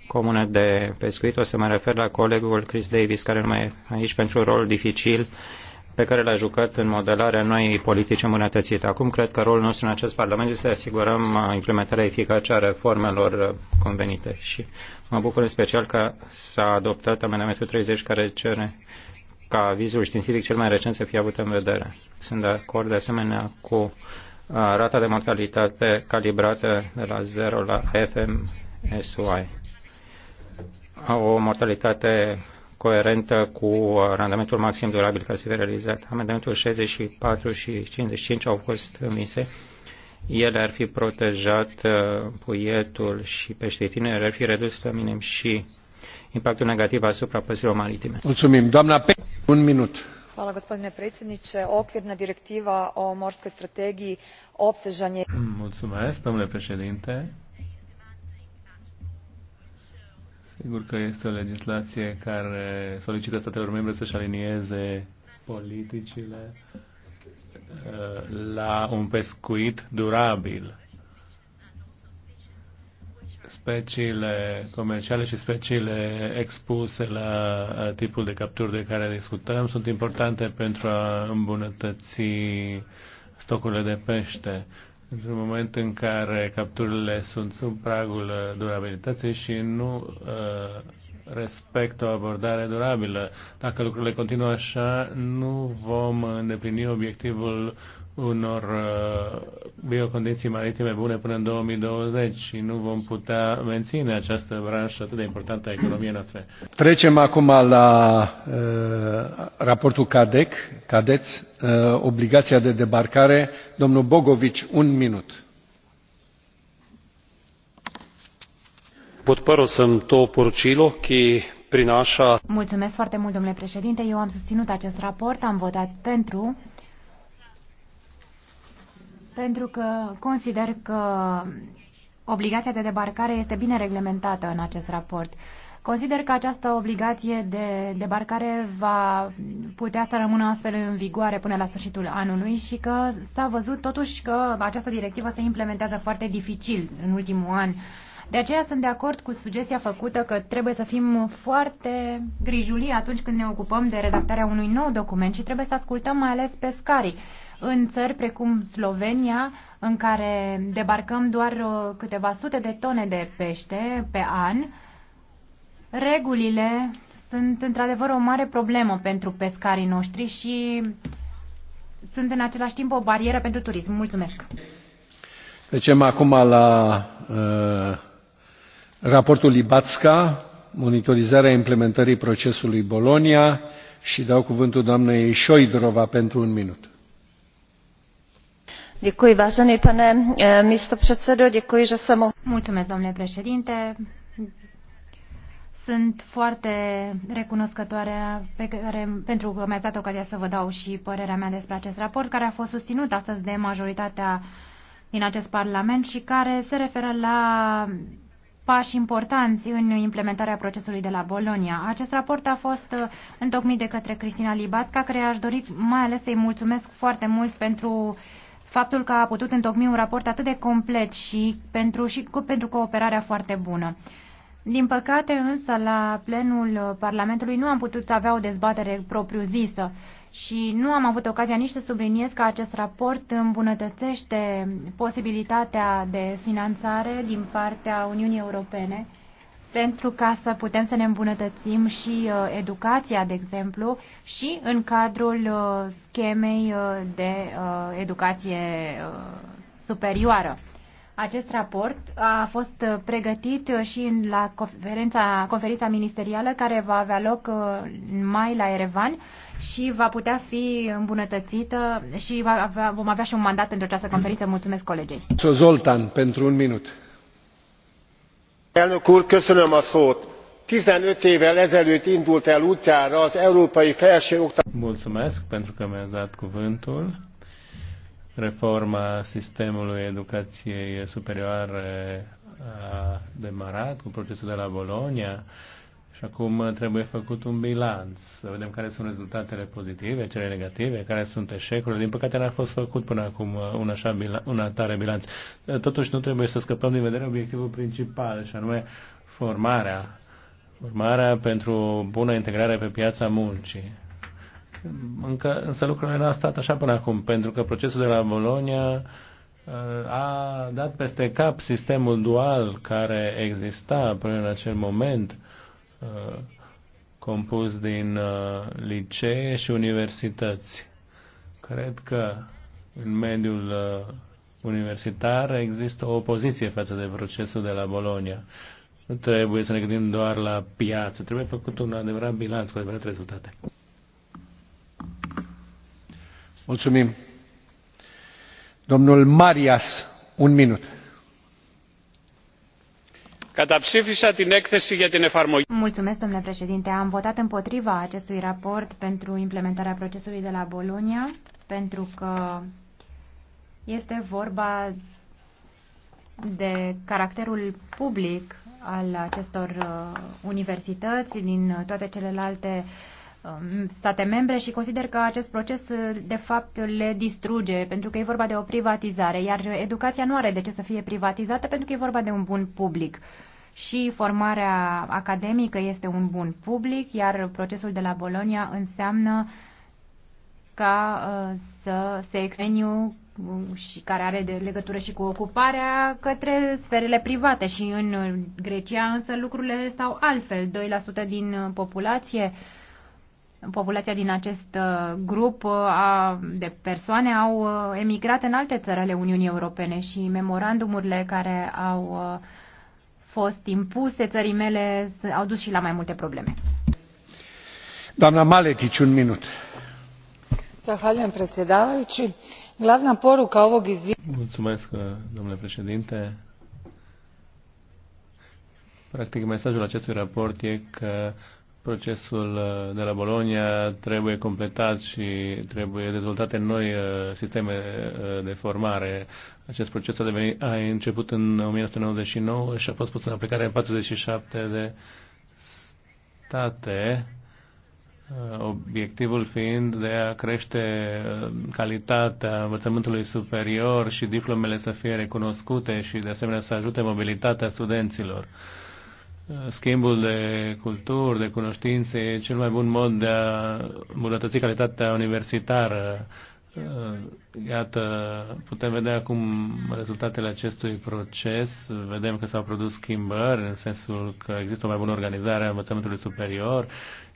Speaker 5: comune de pescuit. O să mă refer la colegul Chris Davis, care nu mai e aici pentru un rol dificil pe care l-a jucat în modelarea noii politici îmbunătățite. Acum cred că rolul nostru în acest Parlament este să asigurăm uh, implementarea eficace a reformelor uh, convenite și mă bucur în special că s-a adoptat amendamentul 30 care cere ca vizul științific cel mai recent să fie avut în vedere. Sunt de acord de asemenea cu uh, rata de mortalitate calibrată de la 0 la FMSY. O mortalitate coerentă cu randamentul maxim durabil care se realizat. Amendamentul 64 și 55 au fost emise. Ele ar fi protejat uh, puietul și peștetinele, ar fi redus la minim și impactul negativ asupra păsărilor maritime. Mulțumim.
Speaker 1: Doamna Pe, un minut.
Speaker 3: Hvala gospodine predsjedniče. Okvirna direktiva o morskoj strategiji opsežan je...
Speaker 6: Mulțumesc, domnule președinte Sigur că este o legislație care solicită statelor membre să-și alinieze politicile uh, la un pescuit durabil. Speciile comerciale și speciile expuse la uh, tipul de capturi de care discutăm sunt importante pentru a îmbunătăți stocurile de pește într-un moment în care capturile sunt sub pragul uh, durabilității și nu uh, respectă o abordare durabilă. Dacă lucrurile continuă așa, nu vom îndeplini obiectivul unor uh, biocondiții maritime bune până în 2020 și nu vom putea menține această branșă atât de importantă a economiei noastre.
Speaker 1: Trecem acum la uh, raportul CADEC, CADEC, uh, obligația de debarcare. Domnul Bogovici, un minut. Podprl sem to poročilo, prin așa.
Speaker 7: Mulțumesc foarte mult, domnule președinte. Eu am susținut acest raport, am votat pentru pentru că consider că obligația de debarcare este bine reglementată în acest raport. Consider că această obligație de debarcare va putea să rămână astfel în vigoare până la sfârșitul anului și că s-a văzut totuși că această directivă se implementează foarte dificil în ultimul an. De aceea sunt de acord cu sugestia făcută că trebuie să fim foarte grijulii atunci când ne ocupăm de redactarea unui nou document și trebuie să ascultăm mai ales pescarii în țări precum Slovenia, în care debarcăm doar uh, câteva sute de tone de pește pe an, regulile sunt într-adevăr o mare problemă pentru pescarii noștri și sunt în același timp o barieră pentru turism. Mulțumesc!
Speaker 1: Trecem acum la uh, raportul Libatska, monitorizarea implementării procesului Bologna și dau cuvântul doamnei Șoidrova pentru un minut.
Speaker 7: Eh, mulțumesc, domnule președinte sunt foarte recunoscătoare pe care, pentru că mi-ați dat ocazia să vă dau și părerea mea despre acest raport, care a fost susținut astăzi de majoritatea din acest Parlament și care se referă la pași importanți în implementarea procesului de la Bolonia. Acest raport a fost eh, întocmit de către Cristina Libațca, care aș dori mai ales să-i mulțumesc foarte mult pentru uh, faptul că a putut întocmi un raport atât de complet și pentru, și cu pentru cooperarea foarte bună. Din păcate, însă, la plenul Parlamentului nu am putut avea o dezbatere propriu-zisă și nu am avut ocazia nici să subliniez că acest raport îmbunătățește posibilitatea de finanțare din partea Uniunii Europene pentru ca să putem să ne îmbunătățim și uh, educația, de exemplu, și în cadrul uh, schemei uh, de educație superioară. Acest raport a fost pregătit și la conferința, conferința ministerială care va avea loc în mai la Erevan și va putea fi îmbunătățită și va avea, vom avea și un mandat pentru această conferință. Mulțumesc colegei.
Speaker 1: Zoltan, pentru un minut fifteen évvel ezelőtt indult el útjára az európai felsőoktatás. Mulțumesc
Speaker 6: pentru Reforma sistemului educației superioare cu procesul de la Bologna și acum uh, trebuie făcut un bilanț, să vedem care sunt rezultatele pozitive, cele negative, care sunt eșecurile. Din păcate n-a fost făcut până acum uh, un, așa bilanț, un atare bilanț. Uh, totuși nu trebuie să scăpăm din vedere obiectivul principal, și anume formarea. Formarea pentru bună integrare pe piața muncii. Încă, însă lucrurile n-au stat așa până acum, pentru că procesul de la Bologna a dat peste cap sistemul dual care exista până în acel moment Uh, compus din uh, licee și universități. Cred că în mediul uh, universitar există o opoziție față de procesul de la Bologna. Nu trebuie să ne gândim doar la piață, trebuie făcut un adevărat bilanț cu adevărat rezultate.
Speaker 1: Mulțumim. Domnul Marias, un minut.
Speaker 7: Mulțumesc, domnule președinte. Am votat împotriva acestui raport pentru implementarea procesului de la Bologna, pentru că este vorba de caracterul public al acestor uh, universități din toate celelalte uh, Um, state membre și consider că acest proces uh, de fapt le distruge pentru că e vorba de o privatizare, iar educația nu are de ce să fie privatizată pentru că e vorba de un bun public. Și formarea academică este un bun public, iar procesul de la Bolonia înseamnă ca uh, să se exteniu uh, și care are de legătură și cu ocuparea către sferele private și în Grecia însă lucrurile stau altfel. 2% din populație uh, populația din acest uh, grup uh, a, de persoane au uh, emigrat în alte țări ale Uniunii Europene și memorandumurile care au fost impuse țării mele au dus și la mai multe probleme.
Speaker 1: Doamna Maletici, un minut.
Speaker 7: Zahvaljujem predsjedavajući. Glavna poruka ovog izvješća...
Speaker 6: Mulțumesc, domnule președinte. Practic, mesajul acestui raport e că procesul uh, de la Bologna trebuie completat și trebuie dezvoltate noi uh, sisteme uh, de formare. Acest proces a, devenit, a început în 1999 și a fost pus în aplicare în 47 de state, obiectivul fiind de a crește calitatea învățământului superior și diplomele să fie recunoscute și de asemenea să ajute mobilitatea studenților schimbul de culturi, de cunoștințe, e cel mai bun mod de a îmbunătăți calitatea universitară. Uh, iată, putem vedea acum rezultatele acestui proces. Vedem că s-au produs schimbări în sensul că există o mai bună organizare a învățământului superior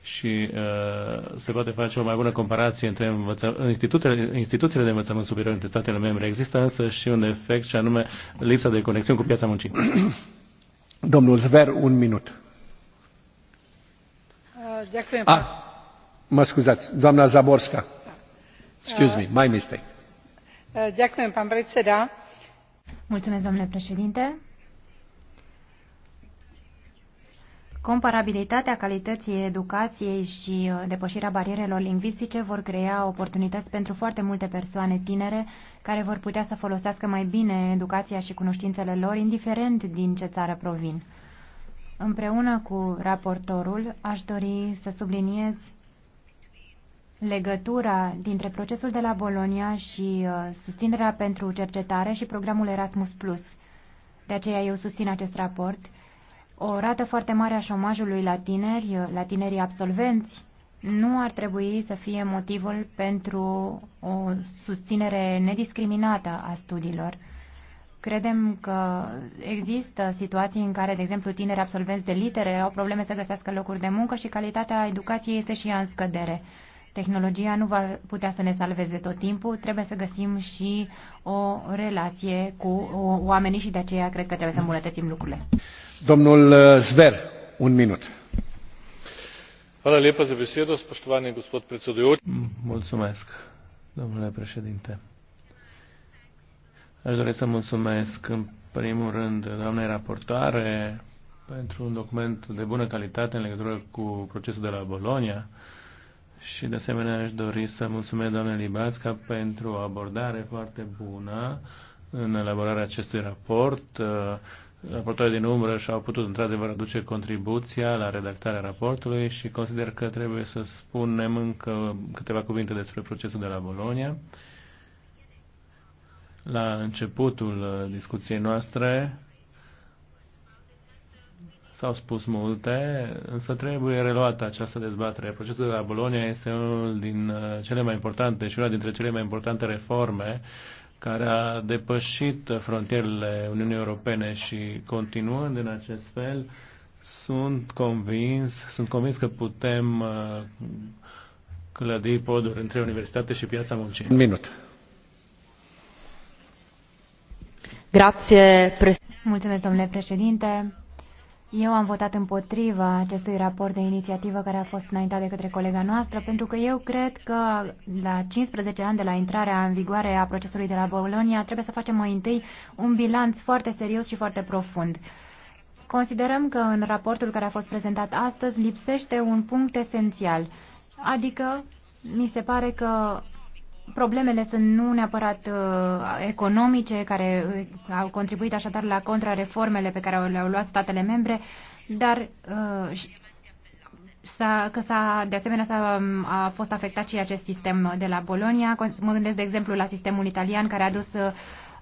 Speaker 6: și uh, se poate face o mai bună comparație între învăță... instituțiile, instituțiile de învățământ superior între statele membre. Există însă și un efect și anume lipsa de conexiuni cu piața muncii.
Speaker 1: Domnul Zver, un minut. Uh, A, ah, mă scuzați, doamna Zaborska. Uh, Excuse me, my mistake.
Speaker 4: Uh,
Speaker 7: Mulțumesc, domnule președinte Comparabilitatea calității educației și uh, depășirea barierelor lingvistice vor crea oportunități pentru foarte multe persoane tinere care vor putea să folosească mai bine educația și cunoștințele lor, indiferent din ce țară provin. Împreună cu raportorul, aș dori să subliniez legătura dintre procesul de la Bolonia și uh, susținerea pentru cercetare și programul Erasmus+. De aceea eu susțin acest raport o rată foarte mare a șomajului la tineri, la tinerii absolvenți, nu ar trebui să fie motivul pentru o susținere nediscriminată a studiilor. Credem că există situații în care, de exemplu, tineri absolvenți de litere au probleme să găsească locuri de muncă și calitatea educației este și ea în scădere. Tehnologia nu va putea să ne salveze tot timpul, trebuie să găsim și o relație cu oamenii și de aceea cred că trebuie să îmbunătățim lucrurile.
Speaker 1: Uh, Zver, un minut.
Speaker 6: Mulțumesc, domnule președinte. Aș dori să mulțumesc în primul rând doamnei raportoare pentru un document de bună calitate în legătură cu procesul de la Bologna și de asemenea aș dori să mulțumesc doamnei Libasca pentru o abordare foarte bună în elaborarea acestui raport uh, raportoare din umbră și-au putut într-adevăr aduce contribuția la redactarea raportului și consider că trebuie să spunem încă câteva cuvinte despre procesul de la Bologna. La începutul discuției noastre s-au spus multe, însă trebuie reluată această dezbatere. Procesul de la Bologna este unul din uh, cele mai importante și una dintre cele mai importante reforme care a depășit frontierele Uniunii Europene și continuând în acest fel, sunt convins, sunt convins că putem uh, clădi poduri între universitate și piața muncii. Un minut.
Speaker 7: Grazie, Mulțumesc, domnule președinte. Eu am votat împotriva acestui raport de inițiativă care a fost înaintat de către colega noastră, pentru că eu cred că la 15 ani de la intrarea în vigoare a procesului de la Bologna trebuie să facem mai întâi un bilanț foarte serios și foarte profund. Considerăm că în raportul care a fost prezentat astăzi lipsește un punct esențial, adică mi se pare că Problemele sunt nu neapărat uh, economice, care uh, au contribuit așadar la contrareformele pe care le-au luat statele membre, dar uh, s-a, că s-a, de asemenea s-a, um, a fost afectat și acest sistem de la Bolonia. Mă gândesc, de exemplu, la sistemul italian care a dus uh,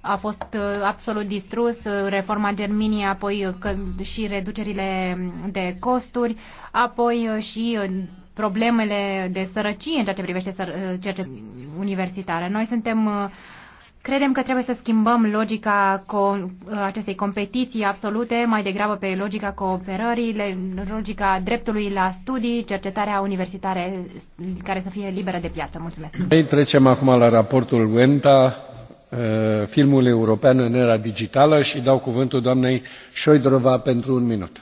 Speaker 7: a fost uh, absolut distrus, uh, reforma Germiniei, apoi și reducerile de costuri, apoi și problemele de sărăcie în ceea ce privește uh, cercetarea universitară. Noi suntem uh, Credem că trebuie să schimbăm logica co- acestei competiții absolute, mai degrabă pe logica cooperării, logica dreptului la studii, cercetarea universitară care să fie liberă de piață. Mulțumesc.
Speaker 1: Noi trecem acum la raportul UENTA, uh, filmul european în era digitală și dau cuvântul doamnei Șoidrova pentru un minut.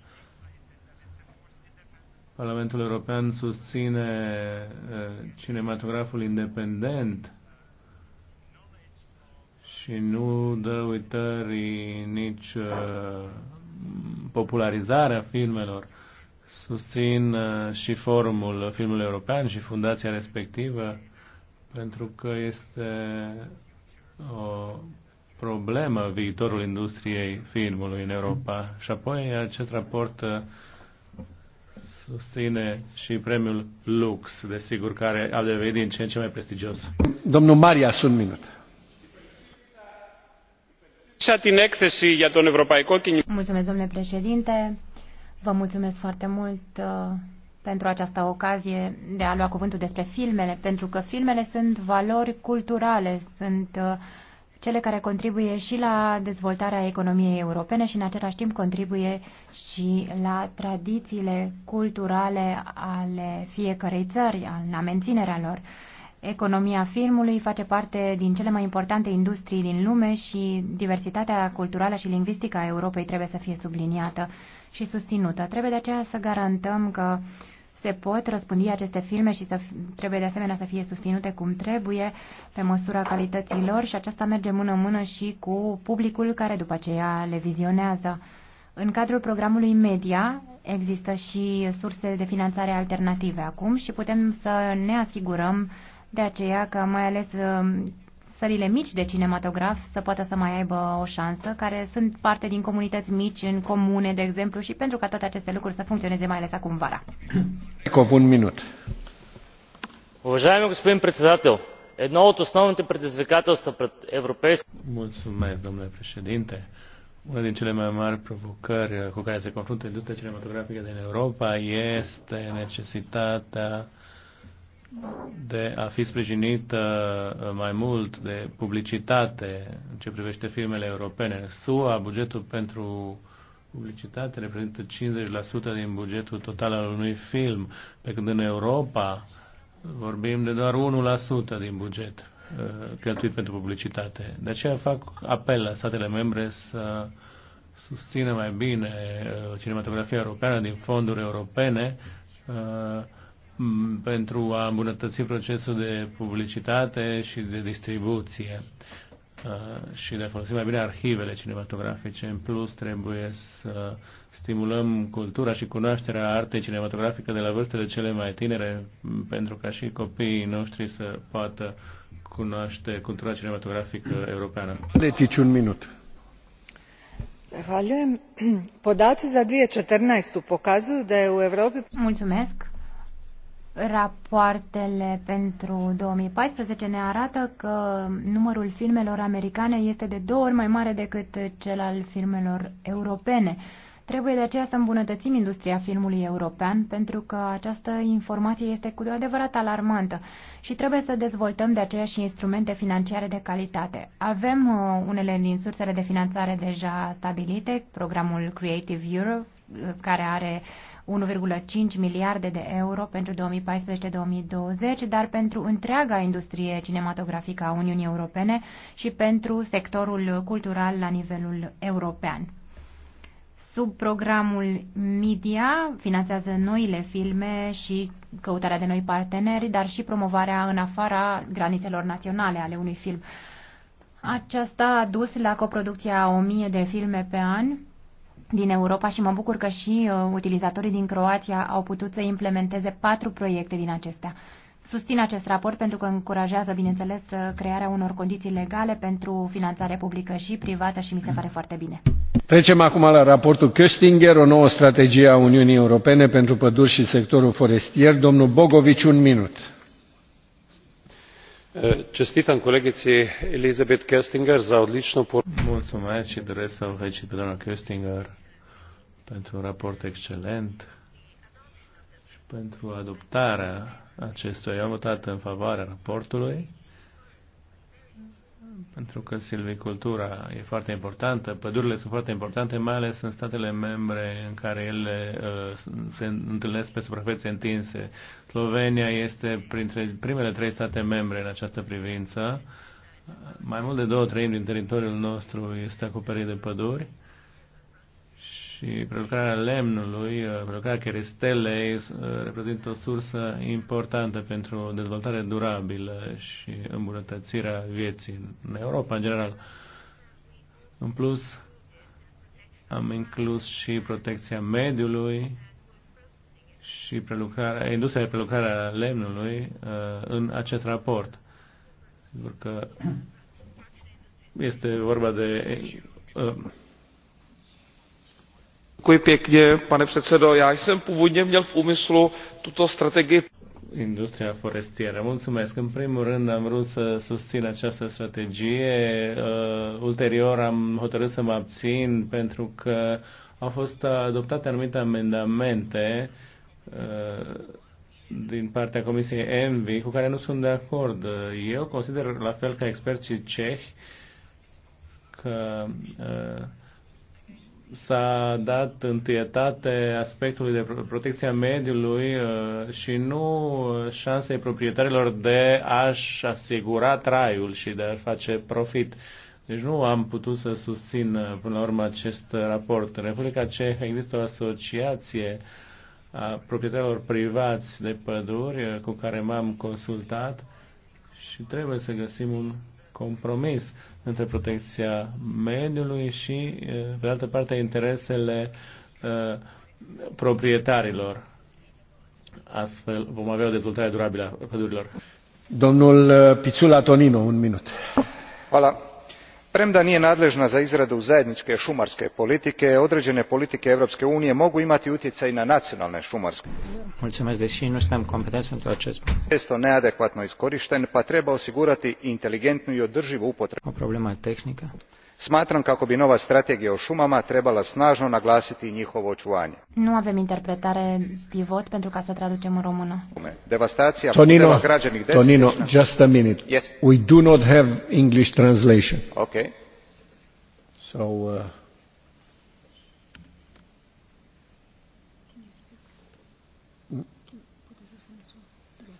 Speaker 6: Parlamentul European susține cinematograful independent și nu dă uitării nici popularizarea filmelor. Susțin și forumul filmului european și fundația respectivă pentru că este o problemă viitorul industriei filmului în Europa. Și apoi acest raport susține și premiul Lux, desigur, care a devenit din ce
Speaker 1: în ce mai prestigios. Domnul Marias, un minut.
Speaker 7: Mulțumesc, domnule președinte. Vă mulțumesc foarte mult uh, pentru această ocazie de a lua cuvântul despre filmele, pentru că filmele sunt valori culturale, sunt uh, cele care contribuie și la dezvoltarea economiei europene și în același timp contribuie și la tradițiile culturale ale fiecărei țări, la menținerea lor. Economia filmului face parte din cele mai importante industrii din lume și diversitatea culturală și lingvistică a Europei trebuie să fie subliniată și susținută. Trebuie de aceea să garantăm că uh, se pot răspândi aceste filme și să trebuie de asemenea să fie susținute cum trebuie, pe măsura calității lor și aceasta merge mână-mână și cu publicul care după aceea le vizionează. În cadrul programului media există și surse de finanțare alternative acum și putem să ne asigurăm de aceea că mai ales sările mici de cinematograf să poată să mai aibă o șansă, care sunt parte din comunități mici, în comune, de exemplu, și pentru ca toate aceste lucruri să funcționeze mai ales acum vara.
Speaker 1: Ecov, un minut.
Speaker 6: Уважаеми господин
Speaker 2: председател, едно от основните предизвикателства
Speaker 6: пред европейските... Mulțumesc, domnule președinte. Una din cele mai mari provocări cu care se confruntă industria cinematografică din Europa este necesitatea de a fi sprijinită uh, mai mult de publicitate în ce privește filmele europene. SUA, bugetul pentru publicitate, reprezintă 50% din bugetul total al unui film, pe când în Europa vorbim de doar 1% din buget uh, cheltuit pentru publicitate. De aceea fac apel la statele membre să susțină mai bine uh, cinematografia europeană din fonduri europene pentru a îmbunătăți procesul de publicitate și de distribuție uh, și de a folosi mai bine arhivele cinematografice. În plus, trebuie să stimulăm cultura și cunoașterea artei cinematografică de la vârstele cele mai tinere, pentru ca și copiii noștri să poată cunoaște cultura cinematografică europeană.
Speaker 1: Letici, un minut.
Speaker 4: Zahvaljujem. Podaci za 2014 pokazuju
Speaker 7: da je u Evropi... Mulțumesc. Rapoartele pentru 2014 ne arată că numărul filmelor americane este de două ori mai mare decât cel al filmelor europene. Trebuie de aceea să îmbunătățim industria filmului european, pentru că această informație este cu adevărat alarmantă și trebuie să dezvoltăm de aceea și instrumente financiare de calitate. Avem uh, unele din sursele de finanțare deja stabilite, programul Creative Europe, uh, care are uh, 1,5 miliarde de euro pentru 2014-2020, dar pentru întreaga industrie cinematografică a Uniunii Europene și pentru sectorul cultural la nivelul european. Sub programul Media finanțează noile filme și căutarea de noi parteneri, dar și promovarea în afara granițelor naționale ale unui film. Aceasta a dus la coproducția a 1000 de filme pe an, din Europa și mă bucur că și uh, utilizatorii din Croația au putut să implementeze patru proiecte din acestea. Susțin acest raport pentru că încurajează, bineînțeles, uh, crearea unor condiții legale pentru finanțare publică și privată și mi se pare foarte bine.
Speaker 1: Trecem acum la raportul Köstinger, o nouă strategie a Uniunii Europene pentru păduri și sectorul forestier. Domnul Bogovici, un minut
Speaker 6: čestitam kolegici Elisabeth Köstinger za odlično Mulțumesc și să o doamna Köstinger pentru raport excelent pentru adoptarea acestuia. am votat în raportului pentru că silvicultura e foarte importantă, pădurile sunt foarte importante, mai ales în statele membre în care ele uh, se întâlnesc pe suprafețe întinse. Slovenia este printre primele trei state membre în această privință. Mai mult de două treimi din teritoriul nostru este acoperit de păduri. Uh, și prelucrarea lemnului, uh, prelucrarea cherestelei uh, reprezintă o sursă importantă pentru dezvoltare durabilă și îmbunătățirea vieții în Europa în general. În plus, am inclus și protecția mediului și prelucrarea, industria de prelucrare a lemnului uh, în acest raport. Sigur că este vorba de
Speaker 1: pane předsedající já jsem původně měl v úmyslu tuto strategii.
Speaker 6: industria forestieră. Mulțumesc. În primul rând am vrut să susțin această strategie. Uh, ulterior am hotărât să mă abțin pentru că au fost adoptate anumite amendamente uh, din partea Comisiei ENVI cu care nu sunt de acord. Eu consider, la fel ca experții cehi, că uh, s-a dat întâietate aspectului de protecție a mediului uh, și nu uh, șansei proprietarilor de a-și asigura traiul și de a face profit. Deci nu am putut să susțin uh, până la urmă acest raport. În Republica Cehă există o asociație a proprietarilor privați de păduri cu care m-am consultat și trebuie să găsim un compromis între protecția mediului și, pe altă parte, interesele proprietarilor. Astfel vom avea o dezvoltare durabilă a pădurilor.
Speaker 1: Domnul Pițula Tonino, un minut.
Speaker 6: Hola premda nije nadlena za
Speaker 5: izradu zajednike šumarske politike određene politike europske unije mogu imati utjecaj na nacionalne šumarske resurse često neadekvatno iskoriten pa treba osigurati inteligentnu i odrivu upotrebu smatram kako bi nova strategija o umama trebala snano naglasiti njihovo ouvanje.
Speaker 7: Nu avem interpretare pivot pentru ca să traducem în română.
Speaker 5: Devastația Tonino, građanih Tonino,
Speaker 7: just
Speaker 1: a minute. Yes. We do not have English translation. Okay. So uh,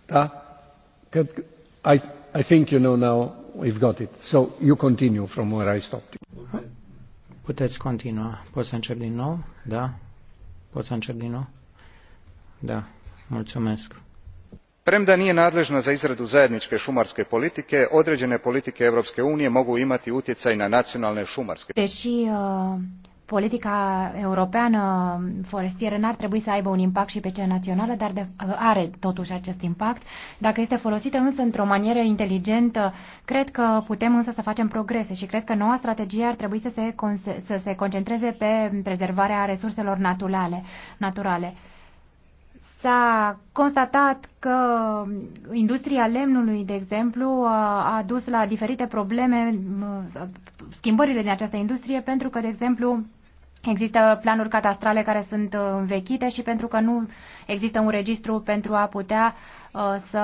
Speaker 1: Da? I, I think you know now we've got it. So you continue from where I stopped. Puteți continua. Poți să
Speaker 5: încep din nou? Da?
Speaker 1: Poți să încep din nou?
Speaker 5: Da. Mulțumesc. Premda nije nadležna za izradu zajedničke šumarske politike, određene politike Europske unije mogu imati utjecaj na nacionalne šumarske. Deși
Speaker 7: uh, politica europeană forestieră n-ar trebui să aibă un impact și pe cea națională, dar de, are totuși acest impact. Dacă este folosită însă într-o manieră inteligentă, cred că putem însă să facem progrese și cred că noua strategie ar trebui să se, să se concentreze pe prezervarea resurselor naturale. naturale. S-a constatat că industria lemnului, de exemplu, a dus la diferite probleme, schimbările din această industrie, pentru că, de exemplu, Există planuri catastrale care sunt uh, învechite și pentru că nu există un registru pentru a putea uh, să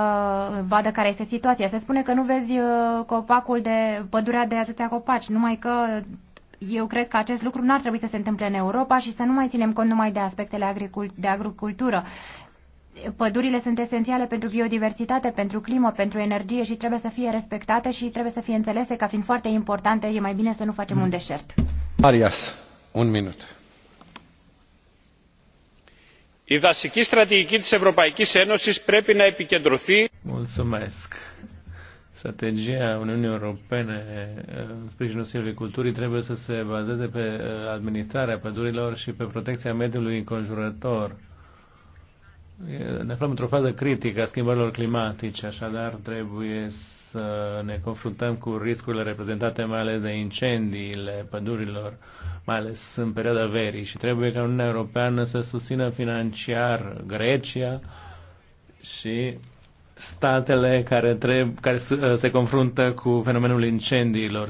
Speaker 7: vadă care este situația. Se spune că nu vezi uh, copacul de pădurea de atâtea copaci, numai că eu cred că acest lucru nu ar trebui să se întâmple în Europa și să nu mai ținem cont numai de aspectele agricul- de agricultură. Pădurile sunt esențiale pentru biodiversitate, pentru climă, pentru energie și trebuie să fie respectate și trebuie să fie înțelese ca fiind foarte importante. E mai bine să nu facem un mm. deșert.
Speaker 1: Marias, un minut. Η δασική στρατηγική
Speaker 6: Strategia Uniunii Europene în eh, sprijinul silviculturii trebuie să se bazeze pe eh, administrarea pădurilor și pe protecția mediului înconjurător. Eh, ne aflăm într-o fază critică a schimbărilor climatice, așadar trebuie să să ne confruntăm cu riscurile reprezentate mai ales de incendiile pădurilor, mai ales în perioada verii și trebuie ca Uniunea Europeană să susțină financiar Grecia și statele care, treb, care uh, se confruntă cu fenomenul incendiilor.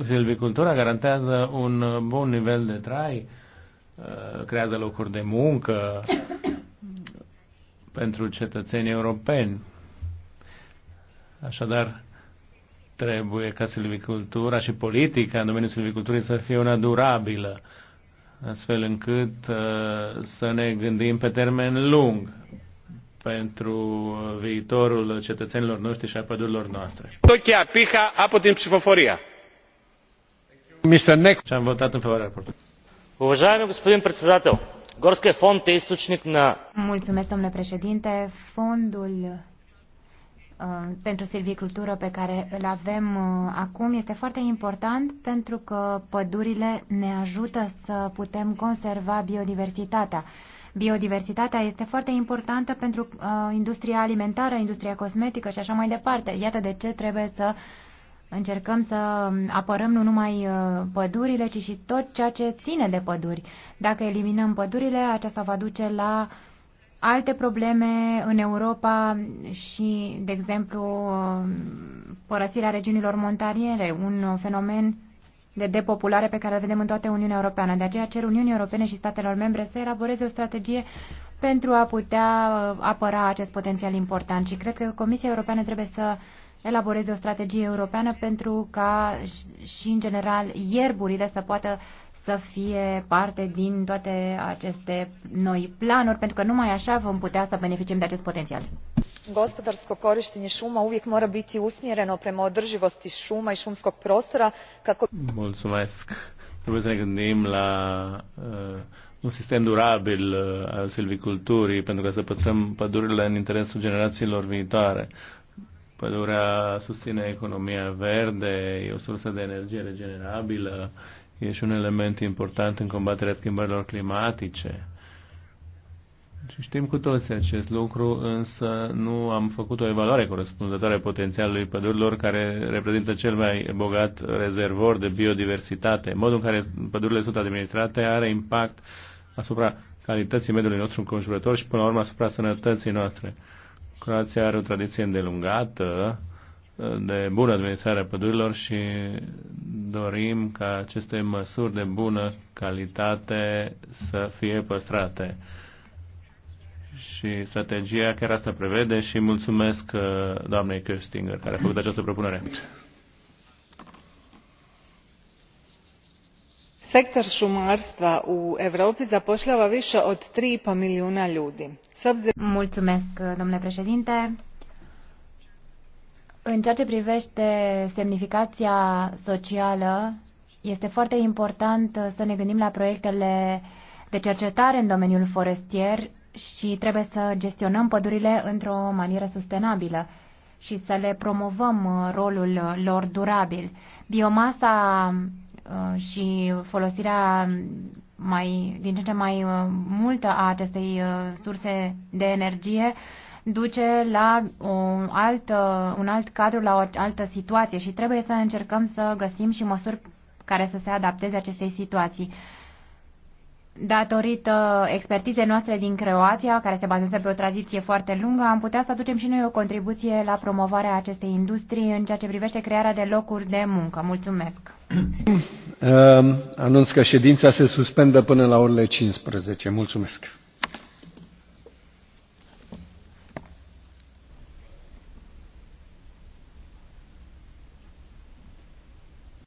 Speaker 6: Silvicultura garantează un bun nivel de trai, uh, creează locuri de muncă pentru cetățenii europeni. Așadar, trebuie ca silvicultura și politica în domeniul silviculturii să fie una durabilă, astfel încât uh, să ne gândim pe termen lung pentru uh, viitorul cetățenilor noștri și a pădurilor noastre.
Speaker 1: Tochia piha apă din psihoforia.
Speaker 6: Și am votat în favoarea raportului. Уважаеми господин председател, Горския фонд е източник
Speaker 2: на...
Speaker 7: Mulțumesc, domnule președinte. Fondul Uh, pentru silvicultură pe care îl avem uh, acum este foarte important pentru că pădurile ne ajută să putem conserva biodiversitatea. Biodiversitatea este foarte importantă pentru uh, industria alimentară, industria cosmetică și așa mai departe. Iată de ce trebuie să încercăm să apărăm nu numai uh, pădurile, ci și tot ceea ce ține de păduri. Dacă eliminăm pădurile, aceasta va duce la uh, alte probleme în Europa și, de exemplu, părăsirea regiunilor montaniere, un fenomen de depopulare pe care îl vedem în toată Uniunea Europeană. De aceea cer Uniunii Europene și statelor membre să elaboreze o strategie pentru a putea uh, apăra acest potențial important și cred că Comisia Europeană trebuie să elaboreze o strategie europeană pentru ca și în general ierburile să poată să fie parte din toate aceste noi planuri, pentru că numai așa vom putea să beneficiem de acest potențial.
Speaker 3: Gospodarsko korištenje šuma uvijek mora biti usmjereno prema održivosti šuma i šumskog prostora kako...
Speaker 6: Mulțumesc! Trebuie să ne gândim la uh, un sistem durabil uh, al silviculturii pentru ca să păstrăm pădurile în interesul generațiilor viitoare. Pădurea susține economia verde, e o sursă de energie regenerabilă, uh, e și un element important în combaterea schimbărilor climatice. Și știm cu toții acest lucru, însă nu am făcut o evaluare corespunzătoare a potențialului pădurilor care reprezintă cel mai bogat rezervor de biodiversitate. Modul în care pădurile sunt administrate are impact asupra calității mediului nostru înconjurător și până la urmă asupra sănătății noastre. Croația are o tradiție îndelungată de bună administrare a pădurilor și dorim ca aceste măsuri de bună calitate să fie păstrate. Și strategia chiar asta prevede și mulțumesc uh, doamnei Kirstinger care a făcut această propunere.
Speaker 4: sektor šumarstva u Evropi zapošljava više od 3,5 milijuna
Speaker 7: ljudi. Mulțumesc, domnule președinte în ceea ce privește semnificația socială, este foarte important să ne gândim la proiectele de cercetare în domeniul forestier și trebuie să gestionăm pădurile într-o manieră sustenabilă și să le promovăm uh, rolul lor durabil. Biomasa uh, și folosirea mai, din ce în ce mai uh, multă a acestei surse de energie duce la un alt, un alt cadru, la o altă situație și trebuie să încercăm să găsim și măsuri care să se adapteze acestei situații. Datorită expertizei noastre din Croația, care se bazează pe o tradiție foarte lungă, am putea să aducem și noi o contribuție la promovarea acestei industrii în ceea ce privește crearea de locuri de muncă. Mulțumesc!
Speaker 1: Anunț că ședința se suspendă până la orele 15. Mulțumesc!